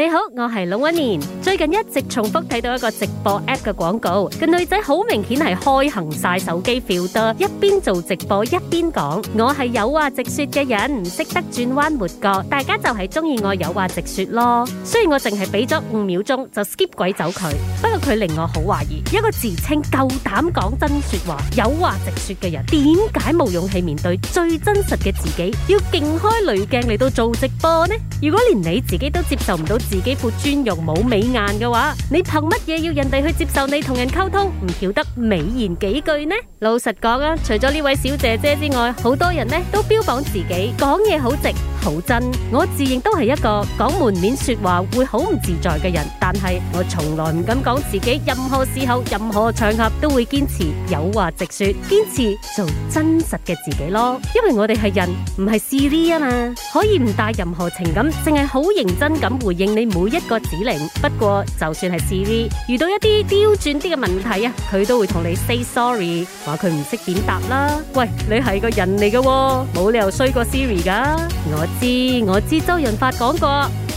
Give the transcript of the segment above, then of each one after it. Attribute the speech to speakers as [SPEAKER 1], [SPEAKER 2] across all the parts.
[SPEAKER 1] 你好，我係龍紋敏。最近一直重複睇到一個直播 app 嘅廣告，個女仔好明顯係開行晒手機 feel 多，一邊做直播一邊講：我係有話直說嘅人，唔識得轉彎抹角。大家就係中意我有話直說咯。雖然我淨係俾咗五秒鐘就 skip 鬼走佢，不過佢令我好懷疑：一個自稱夠膽講真說話、有話直說嘅人，點解冇勇氣面對最真實嘅自己，要勁開濾鏡嚟到做直播呢？如果連你自己都接受唔到。自己副尊容冇美顏嘅話，你憑乜嘢要人哋去接受？你同人溝通唔曉得美言幾句呢？老實講啊，除咗呢位小姐姐之外，好多人呢都標榜自己講嘢好直好真。我自認都係一個講門面說話會好唔自在嘅人，但係我從來唔敢講自己。任何時候、任何場合都會堅持有話直說，堅持做真實嘅自己咯。因為我哋係人，唔係 Siri 啊嘛，可以唔帶任何情感，淨係好認真咁回應。你每一個指令，不過就算係 Siri 遇到一啲刁鑽啲嘅問題啊，佢都會同你 say sorry，話佢唔識點答啦。喂，你係個人嚟嘅，冇理由衰過 Siri 噶。我知我知，周潤發講過。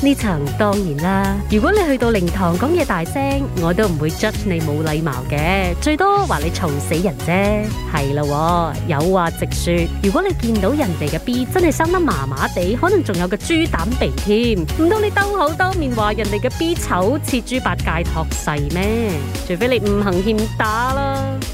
[SPEAKER 1] 呢層當然啦，如果你去到靈堂講嘢，大聲，我都唔會 judge 你冇禮貌嘅，最多話你嘈死人啫，係啦，有話直說。如果你見到人哋嘅 B 真係生得麻麻地，可能仲有個豬膽鼻添，唔通你兜口兜面話人哋嘅 B 醜似豬八戒託世咩？除非你五行欠打啦，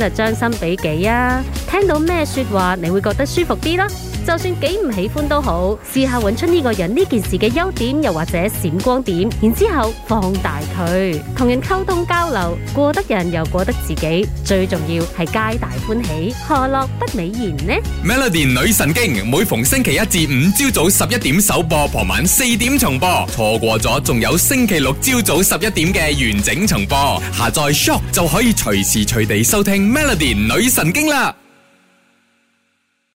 [SPEAKER 1] 就將心比己啊！聽到咩說話，你會覺得舒服啲啦～就算幾唔喜歡都好，試下揾出呢個人呢件事嘅優點，又或者閃光點，然之後放大佢。同人溝通交流，過得人又過得自己，最重要係皆大歡喜，何樂不美言呢
[SPEAKER 2] ？Melody 女神經每逢星期一至五朝早十一點首播，傍晚四點重播，錯過咗仲有星期六朝早十一點嘅完整重播。下載 Shock 就可以隨時隨地收聽 Melody 女神經啦。